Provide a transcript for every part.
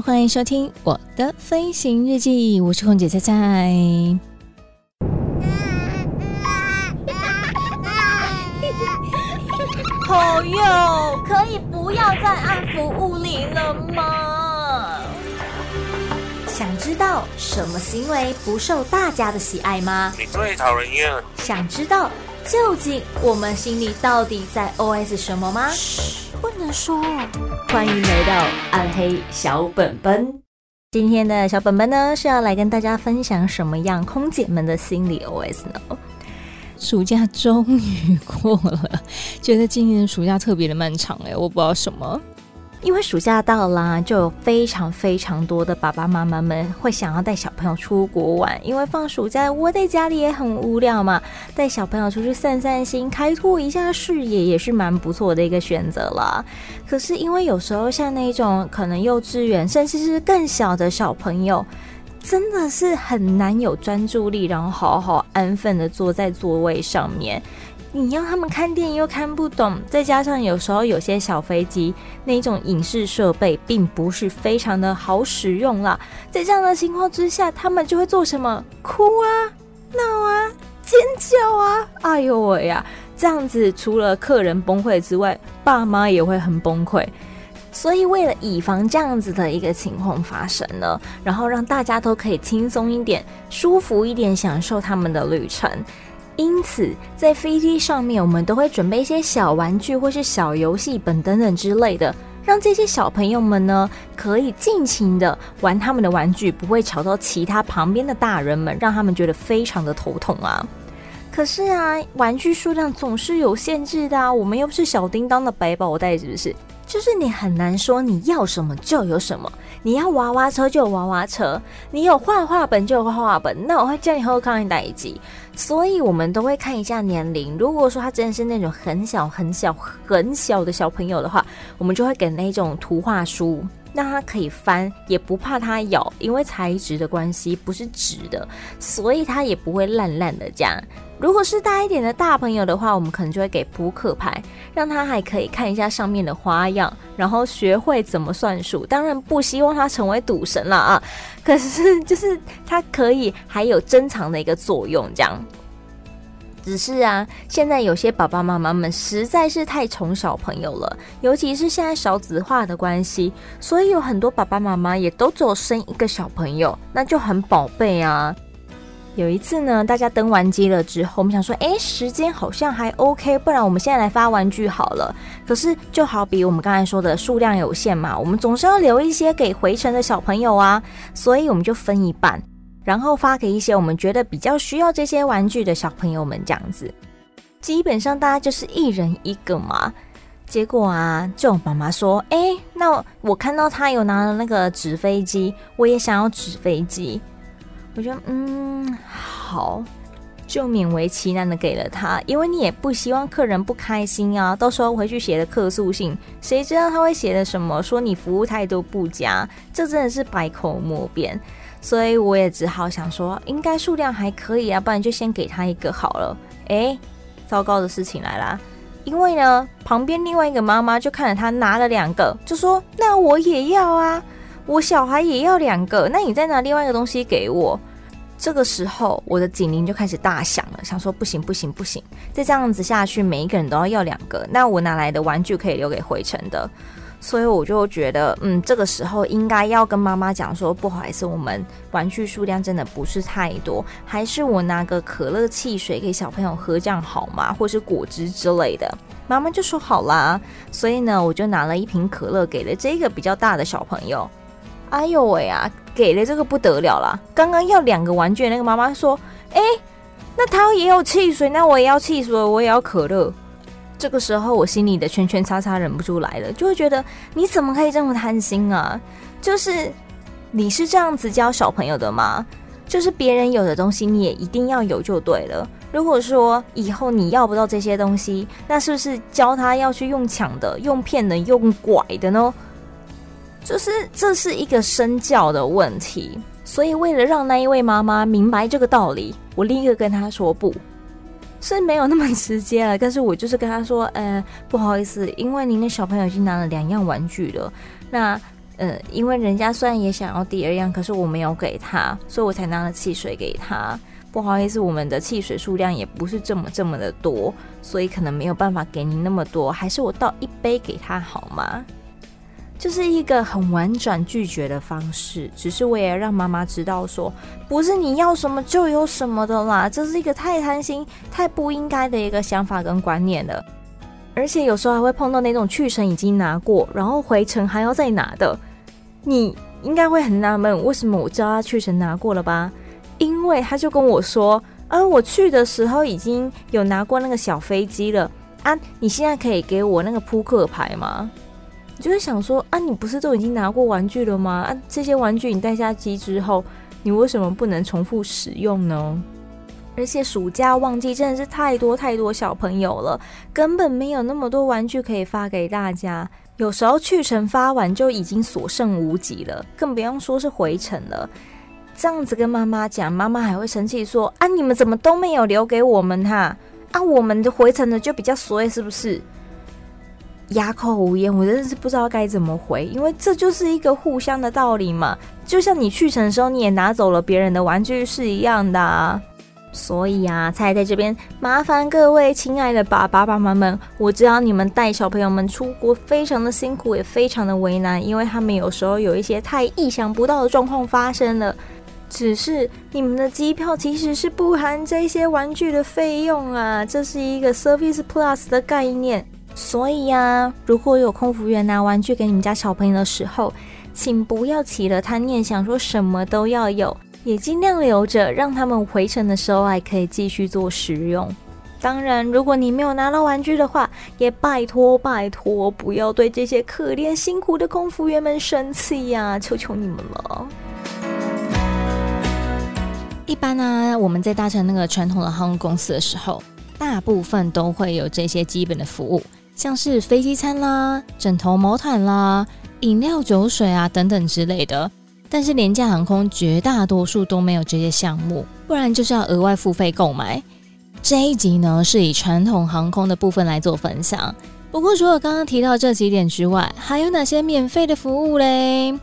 歡迎收聽我的飛行日記，我是空姐菜菜。朋友，可以不要再按服務鈴了嗎？想知道什麼行為不受大家的喜愛嗎？你最討人厭。想知道？究竟我們心裡到底在 O S 什麼嗎？不能說。歡迎來到暗黑小本本。今天的小本本呢，是要來跟大家分享什麼樣空姐們的心理 O S 呢？暑假終於過了，覺得今年暑假特別的漫長哎、欸，我不知道什麼。因為暑假到啦，就有非常非常多的爸爸媽媽們會想要帶小朋友出國玩。因為放暑假窩在家裡也很無聊嘛，帶小朋友出去散散心，開拓一下視野也是蠻不錯的一個選擇啦。可是因為有時候像那種可能幼稚園，甚至是更小的小朋友，真的是很難有專注力，然後好好安分的坐在座位上面。你要他們看電影又看不懂，再加上有時候有些小飛機那種影視設備並不是非常的好使用啦，在這樣的情況之下，他們就會做什麼？哭啊、鬧啊、尖叫啊！哎呦喂呀！這樣子除了客人崩潰之外，爸媽也會很崩潰。所以為了以防這樣子的一個情況發生呢，然後讓大家都可以輕鬆一點、舒服一點，享受他們的旅程。因此，在飛機上面，我們都會準備一些小玩具或是小遊戲本等等之類的，讓這些小朋友們呢，可以盡情的玩他們的玩具，不會吵到其他旁邊的大人們，讓他們覺得非常的頭痛啊。可是啊，玩具數量總是有限制的啊，我們又不是小叮當的百寶袋，是不是？就是你很難說你要什麼就有什麼，你要娃娃車就有娃娃車，你有畫畫本就有畫畫本。那我會叫你好看哪一集，所以我們都會看一下年齡。如果說他真的是那種很小很小很小的小朋友的話，我們就會給那種圖畫書。讓它可以翻，也不怕它咬，因為材質的關係不是紙的，所以它也不會爛爛的這樣。如果是大一點的大朋友的話，我們可能就會給撲克牌，讓它還可以看一下上面的花樣，然後學會怎麼算數。當然不希望它成為賭神了啊，可是就是它可以還有珍藏的一個作用這樣。只是啊，現在有些爸爸媽媽們實在是太寵小朋友了，尤其是現在少子化的關係，所以有很多爸爸媽媽也都只有生一個小朋友，那就很寶貝啊。有一次呢，大家登完機了之後，我們想說，哎，時間好像還 OK，不然我們現在來發玩具好了。可是就好比我們剛才說的數量有限嘛，我們總是要留一些給回程的小朋友啊，所以我們就分一半。然後發給一些我們覺得比較需要這些玩具的小朋友們，這樣子，基本上大家就是一人一個嘛。結果啊，就有媽媽說：“哎、欸，那我，我看到他有拿了那個紙飛機，我也想要紙飛機。”我覺得嗯，好，就勉為其難的給了他，因為你也不希望客人不開心啊。到時候回去寫的客訴信，誰知道他會寫的什麼？說你服務態度不佳，這真的是百口莫辯。所以我也只好想說，應該數量還可以啊，不然就先給他一個好了。誒、欸，糟糕的事情來啦，因為呢，旁邊另外一個媽媽就看着他拿了兩個，就說：“那我也要啊，我小孩也要兩個。”那你再拿另外一個東西給我。這個時候，我的警鈴就開始大響了，想說不：“不行不行不行，再這樣子下去，每一個人都要要兩個，那我拿來的玩具可以留給回程的。”所以我就覺得，嗯，這個時候應該要跟媽媽講說，不好意思，我們玩具數量真的不是太多，還是我拿個可樂汽水給小朋友喝，這樣好嗎？或是果汁之類的，媽媽就說好啦。所以呢，我就拿了一瓶可樂給了這個比較大的小朋友。哎呦喂呀、啊，給了這個不得了啦。剛剛要兩個玩具的那個媽媽說，哎、欸，那他也有汽水，那我也要汽水，我也要可樂。這個時候，我心裡的圈圈叉叉忍不住來了，就會覺得你怎麼可以這麼貪心啊？就是你是這樣子教小朋友的嗎？就是別人有的東西你也一定要有就對了。如果說以後你要不到這些東西，那是不是教他要去用搶的、用騙的、用拐的呢？就是這是一個身教的問題。所以為了讓那一位媽媽明白這個道理，我立刻跟她說不。雖然沒有那麼直接了，但是我就是跟他說，嗯、呃、不好意思，因為您的小朋友已經拿了兩樣玩具了，那，呃，因為人家雖然也想要第二樣，可是我沒有給他，所以我才拿了汽水給他。不好意思，我們的汽水數量也不是這麼這麼的多，所以可能沒有辦法給您那麼多，還是我倒一杯給他好嗎？就是一個很婉轉拒絕的方式，只是為了讓媽媽知道說，不是你要什麼就有什麼的啦，這是一個太貪心、太不應該的一個想法跟觀念了。而且有時候還會碰到那種去程已經拿過，然後回程還要再拿的，你應該會很納悶，為什麼我叫他去程拿過了吧？因為他就跟我說，呃、啊，我去的時候已經有拿過那個小飛機了啊，你現在可以給我那個撲克牌嗎？就會想說啊，你不是都已經拿過玩具了嗎？啊，這些玩具你帶下機之後，你為什麼不能重複使用呢？而且暑假旺季真的是太多太多小朋友了，根本沒有那麼多玩具可以發給大家。有時候去程發完就已經所剩無幾了，更不用說是回程了。這樣子跟媽媽講，媽媽還會生氣說啊，你們怎麼都沒有留給我們哈？啊，我們的回程呢就比較衰，是不是？啞口無言，我真的是不知道該怎麼回，因為這就是一個互相的道理嘛。就像你去程的時候，你也拿走了別人的玩具是一樣的啊。所以啊，菜在這邊麻煩各位親愛的爸爸媽媽們，我知道你們帶小朋友們出國非常的辛苦，也非常的為難，因為他們有時候有一些太意想不到的狀況發生了。只是你們的機票其實是不含這些玩具的費用啊，這是一個 Service Plus 的概念。所以呀、啊，如果有空服員拿玩具給你們家小朋友的時候，請不要起了貪念，想說什麼都要有，也盡量留着，讓他們回程的時候還可以繼續做使用。當然，如果你沒有拿到玩具的話，也拜託拜託，不要對這些可憐辛苦的空服員們生氣呀、啊，求求你們了。一般呢、啊，我們在搭乘那個傳統的航空公司的時候，大部分都會有這些基本的服務。像是飛機餐啦、枕頭毛毯啦、飲料酒水啊等等之類的，但是廉價航空絕大多數都沒有這些項目，不然就是要額外付費購買。這一集呢是以傳統航空的部分來做分享，不過除了剛剛提到這幾點之外，還有哪些免費的服務嘞？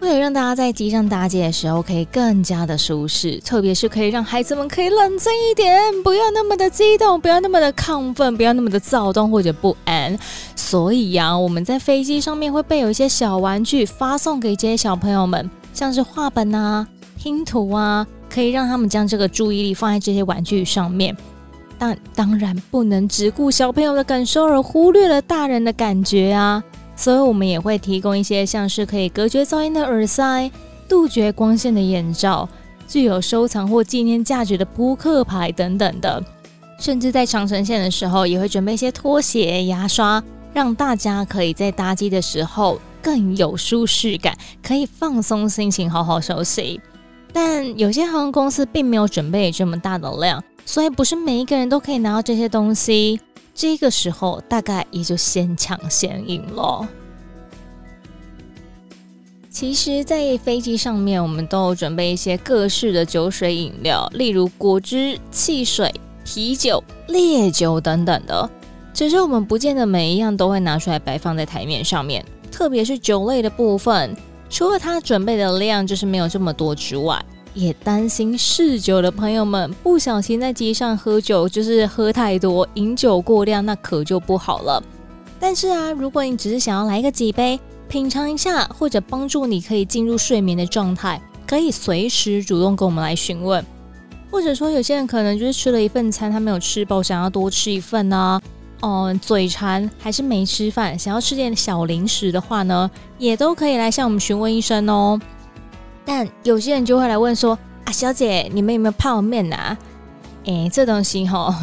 為了讓大家在機上搭機的時候可以更加的舒適，特別是可以讓孩子們可以冷靜一點，不要那麼的激動，不要那麼的亢奮，不要那麼的躁動，不要那麼的躁動或者不安。所以呀、啊，我們在飛機上面會備有一些小玩具，發送給這些小朋友們，像是畫本啊、拼圖啊，可以讓他們將這個注意力放在這些玩具上面。但當然不能只顧小朋友的感受而忽略了大人的感覺啊。所以，我們也會提供一些像是可以隔絕噪音的耳塞、杜絕光線的眼罩、具有收藏或紀念價值的撲克牌等等的，甚至在長程線的時候，也會準備一些拖鞋、牙刷，讓大家可以在搭機的時候更有舒適感，可以放鬆心情，好好休息。但有些航空公司並沒有準備這麼大的量，所以不是每一個人都可以拿到這些東西。這個時候，大概也就先搶先贏了。其實，在飛機上面，我們都有準備一些各式的酒水飲料，例如果汁、汽水、啤酒、烈酒等等的。只是我們不見得每一樣都會拿出來擺放在台面上面，特別是酒類的部分，除了他準備的量就是沒有這麼多之外。也擔心嗜酒的朋友們不小心在機上喝酒，就是喝太多，飲酒過量，那可就不好了。但是啊，如果你只是想要來個幾杯，品嘗一下，或者幫助你可以進入睡眠的狀態，可以隨時主動跟我們來詢問。或者說，有些人可能就是吃了一份餐，他沒有吃飽，想要多吃一份呢、啊，哦、嗯，嘴饞還是沒吃飯，想要吃點小零食的話呢，也都可以來向我們詢問一聲哦。但有些人就會來問說：“啊，小姐，你們有沒有泡麵吶、啊？哎、欸，這東西吼，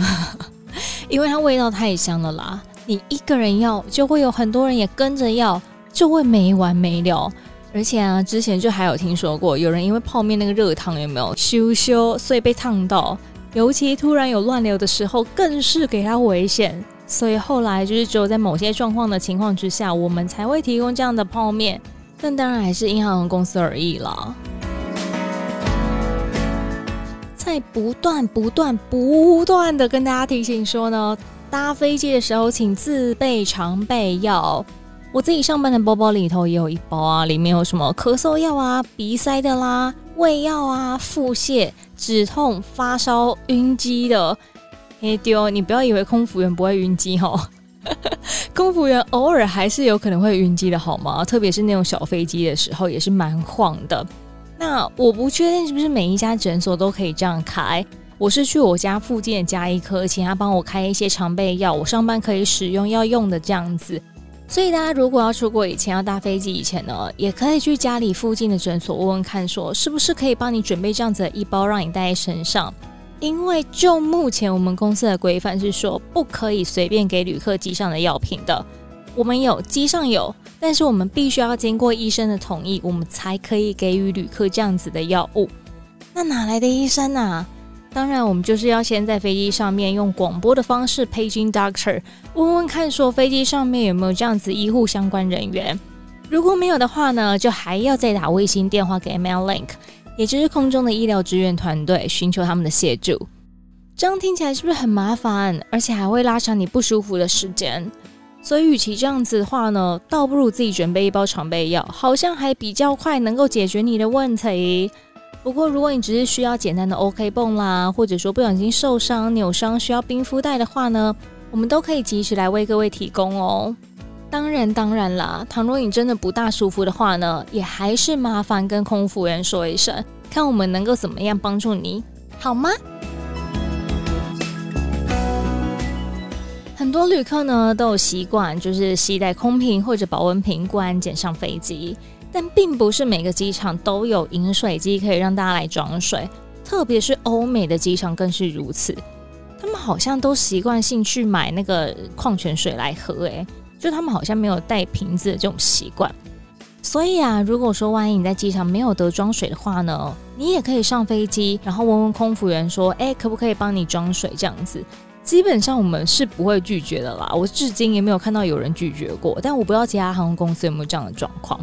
因為它味道太香了啦，你一個人要，就會有很多人也跟着要，就會沒完沒了。而且啊，之前就還有聽說過，有人因為泡麵那個熱湯有沒有羞羞，所以被燙到。尤其突然有亂流的時候，更是給他危險。所以後來就是只有在某些狀況的情況之下，我們才會提供這樣的泡麵。”但當然還是因航空公司而異了。在不斷、不斷、不斷的跟大家提醒說呢，搭飛機的時候請自備常備藥。我自己上班的包包裡頭也有一包啊，裡面有什麼咳嗽藥啊、鼻塞的啦、胃藥啊、腹瀉、止痛、發燒、暈機的。嘿丟、哦，你不要以為空服員不會暈機哦。公服員偶爾還是有可能會暈機的好嗎？特別是那種小飛機的時候，也是蠻晃的。那我不確定是不是每一家診所都可以這樣開。我是去我家附近的加醫科，請他幫我開一些常備藥，我上班可以使用要用的這樣子。所以大家如果要出國以前要搭飛機以前呢，也可以去家裡附近的診所問問看說，說是不是可以幫你準備這樣子的一包，讓你帶在身上。因為就目前我們公司的規範是說，不可以隨便給旅客機上的藥品的。我們有機上有，但是我們必須要經過醫生的同意，我們才可以給予旅客這樣子的藥物。那哪來的醫生呢、啊？當然，我們就是要先在飛機上面用廣播的方式 paging doctor，問問看說，飛機上面有沒有這樣子醫護相關人員。如果沒有的話呢，就還要再打衛星電話給 MedLink。也就是空中的醫療支援團隊尋求他們的協助，這樣聽起來是不是很麻煩？而且還會拉長你不舒服的時間？所以，與其這樣子的話呢，倒不如自己準備一包常備藥，好像還比較快能夠解決你的問題。不過，如果你只是需要簡單的 OK 繃啦，或者說不小心受傷扭傷需要冰敷袋的話呢，我們都可以及時來為各位提供哦、喔。當然當然啦，倘若你真的不大舒服的話呢，也還是麻煩跟空服員說一聲，看我們能夠怎麼樣幫助你，好嗎？很多旅客呢都有習慣，就是攜帶空瓶或者保溫瓶過安檢上飛機，但並不是每個機場都有飲水機可以讓大家來裝水，特別是歐美的機場更是如此。他們好像都習慣性去買那個礦泉水來喝，欸，哎。就他們好像沒有帶瓶子的這種習慣，所以啊，如果說萬一你在機場沒有得裝水的話呢，你也可以上飛機，然後問問空服員說：“哎、欸，可不可以幫你裝水？”這樣子，基本上我們是不會拒絕的啦。我至今也沒有看到有人拒絕過，但我不知道其他航空公司有沒有這樣的狀況。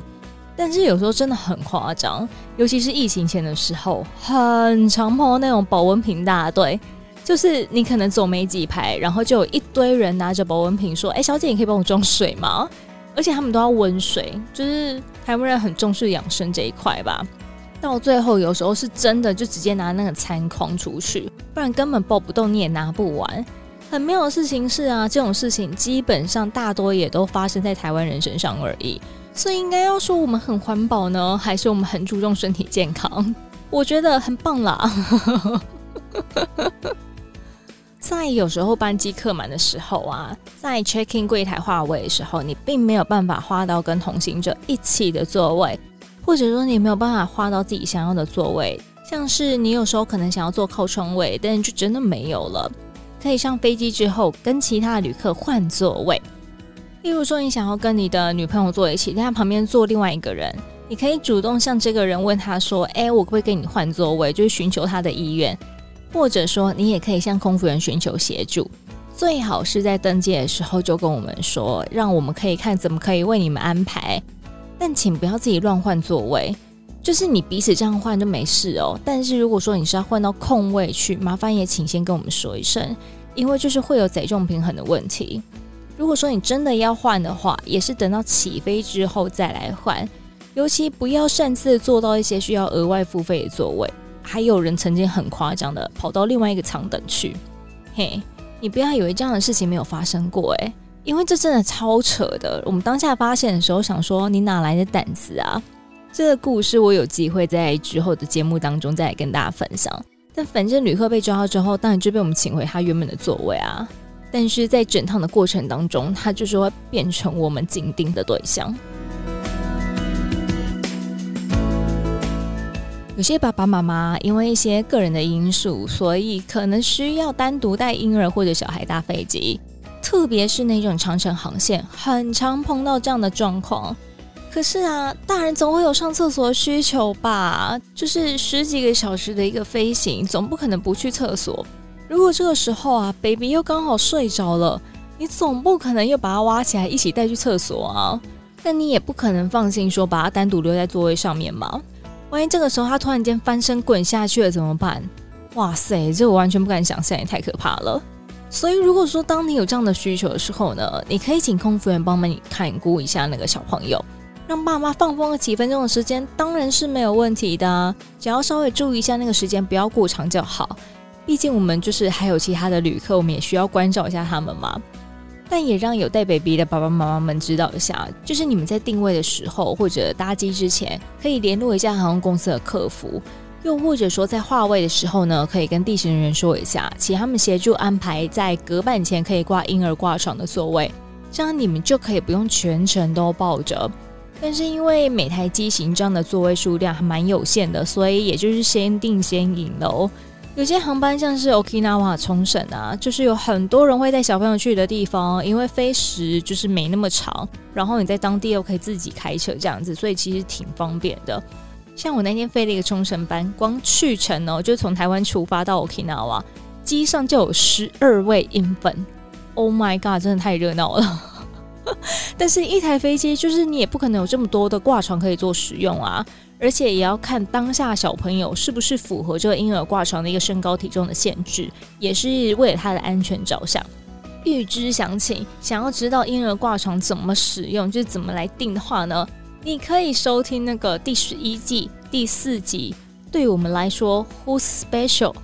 但是有時候真的很誇張，尤其是疫情前的時候，很常碰到那種保溫瓶大隊，就是你可能走沒幾排，然後就有一堆人拿着保溫瓶說：“哎、欸，小姐，你可以幫我裝水嗎？”而且他們都要溫水，就是台灣人很重視養生這一塊吧。到最後，有時候是真的就直接拿那個餐筐出去，不然根本抱不動，你也拿不完，很妙的事情是啊。這種事情基本上大多也都發生在台灣人身上而已。所以應該要說我們很環保呢，還是我們很注重身體健康？我覺得很棒啦。 在有時候班機客滿的時候啊，在 check in 櫃檯劃位的時候，你並沒有辦法劃到跟同行者一起的座位，或者說你沒有辦法劃到自己想要的座位。像是你有時候可能想要坐靠窗位，但就真的沒有了。可以上飛機之後跟其他的旅客換座位。例如說，你想要跟你的女朋友坐一起，但她旁邊坐另外一個人，你可以主動向這個人問他說：“哎、欸，我可不可以跟你換座位？”就是尋求他的意願。或者說，你也可以向空服員尋求協助，最好是在登機的時候就跟我們說，讓我們可以看怎麼可以為你們安排。但請不要自己亂換座位，就是你彼此這樣換就沒事哦。但是如果說你是要換到空位去，麻煩也請先跟我們說一聲，因為就是會有載重平衡的問題。如果說你真的要換的話，也是等到起飛之後再來換，尤其不要擅自坐到一些需要額外付費的座位。還有人曾經很誇張的跑到另外一個艙等去，嘿，你不要以為這樣的事情沒有發生過哎、欸，因為這真的超扯的。我們當下發現的時候，想說你哪來的膽子啊？這個故事我有機會在之後的節目當中再來跟大家分享。但反正旅客被抓到之後，當然就被我們請回他原本的座位啊。但是在整趟的過程當中，他就是會變成我們緊盯的對象。有些爸爸媽媽因為一些個人的因素，所以可能需要單獨帶嬰兒或者小孩搭飛機，特別是那種長程航線，很常碰到這樣的狀況。可是啊，大人總會有上廁所的需求吧？就是十幾個小時的一個飛行，總不可能不去廁所。如果這個時候啊，baby 又剛好睡着了，你總不可能又把他挖起來一起帶去廁所啊？那你也不可能放心說把他單獨留在座位上面嘛？萬一這個時候他突然間翻身滾下去了怎麼辦？哇塞，這我完全不敢想象，也太可怕了。所以如果說當你有這樣的需求的時候呢，你可以請空服員幫忙你看顧一下那個小朋友，讓爸媽放風了幾分鐘的時間，當然是沒有問題的啊，只要稍微注意一下那個時間，不要過長就好。畢竟我們就是還有其他的旅客，我們也需要關照一下他們嘛。但也讓有帶 baby 的爸爸媽媽們知道一下，就是你們在定位的時候或者搭機之前，可以聯絡一下航空公司的客服，又或者說在劃位的時候呢，可以跟地勤人員說一下，請他們協助安排在隔板前可以掛嬰兒掛床的座位，這樣你們就可以不用全程都抱着。但是因為每台機型這樣的座位數量還蠻有限的，所以也就是先定先贏嘍。有些航班像是 Okinawa、沖繩啊，就是有很多人會帶小朋友去的地方，因為飛時就是沒那麼長，然後你在當地又可以自己開車這樣子，所以其實挺方便的。像我那天飛了一個沖繩班，光去程哦，就從台灣出發到 Okinawa，機上就有十二位 infant，Oh my god，真的太熱鬧了！ 但是，一台飛機就是你也不可能有這麼多的掛床可以做使用啊。而且也要看當下小朋友是不是符合這個嬰兒掛床的一個身高體重的限制，也是為了他的安全着想。欲知詳情，想要知道嬰兒掛床怎麼使用，就是、怎麼來訂的話呢？你可以收聽那個第十一季第四集，對於我們來說 who's special，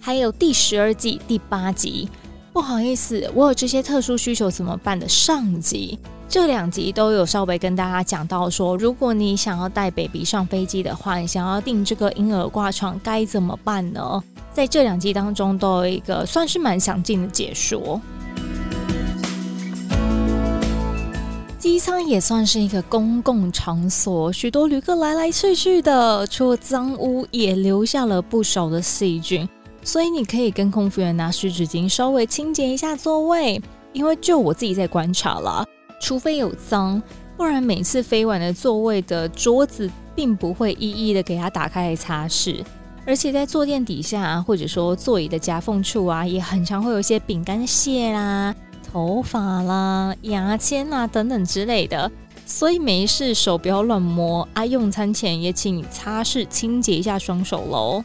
還有第十二季第八集。不好意思，我有這些特殊需求怎麼辦的上集。這兩集都有稍微跟大家講到說，如果你想要帶 baby 上飛機的話，你想要訂這個嬰兒掛床該怎麼辦呢？在這兩集當中都有一個算是蠻詳盡的解說。機艙也算是一個公共場所，許多旅客來來去去的，除了髒污，也留下了不少的細菌，所以你可以跟空服員拿濕紙巾稍微清潔一下座位，因為就我自己在觀察了，除非有髒，不然每次飛完的座位的桌子並不會一一的給它打開來擦拭，而且在坐墊底下或者說座椅的夾縫處啊，也很常會有一些餅乾屑啦、頭髮啦、牙籤啦等等之類的。所以沒事手不要亂摸，愛、啊、用餐前也請擦拭清潔一下雙手嘍。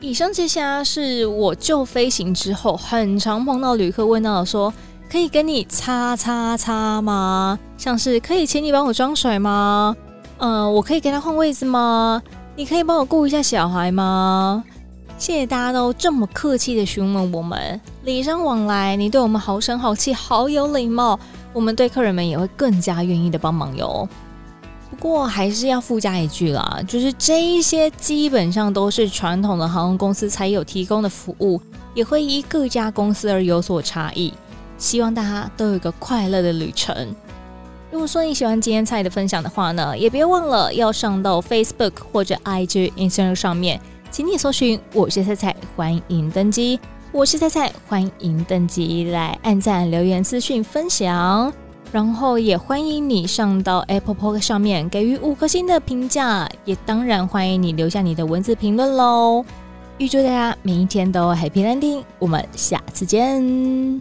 以上這些是我就飛行之後很常碰到旅客問到的說。可以跟你擦擦擦嗎？像是可以請你幫我裝水嗎？嗯、呃，我可以給他換位子嗎？你可以幫我顧一下小孩嗎？謝謝大家都這麼客氣的詢問我們，禮尚往來，你對我們好聲好氣，好有禮貌，我們對客人們也會更加願意的幫忙喲。不過還是要附加一句啦，就是這一些基本上都是傳統的航空公司才有提供的服務，也會依各家公司而有所差異。希望大家都有個快樂的旅程。如果說你喜歡今天菜的分享的話呢，也別忘了要上到 Facebook 或者 IG Instagram 上面，請你搜尋「我是菜菜」，歡迎登機。我是菜菜，歡迎登機，來按讚、留言、資訊分享，然後也歡迎你上到 Apple Podcast 上面給予五顆星的評價。也當然歡迎你留下你的文字評論嘍。預祝大家每一天都 Happy Landing，我們下次見。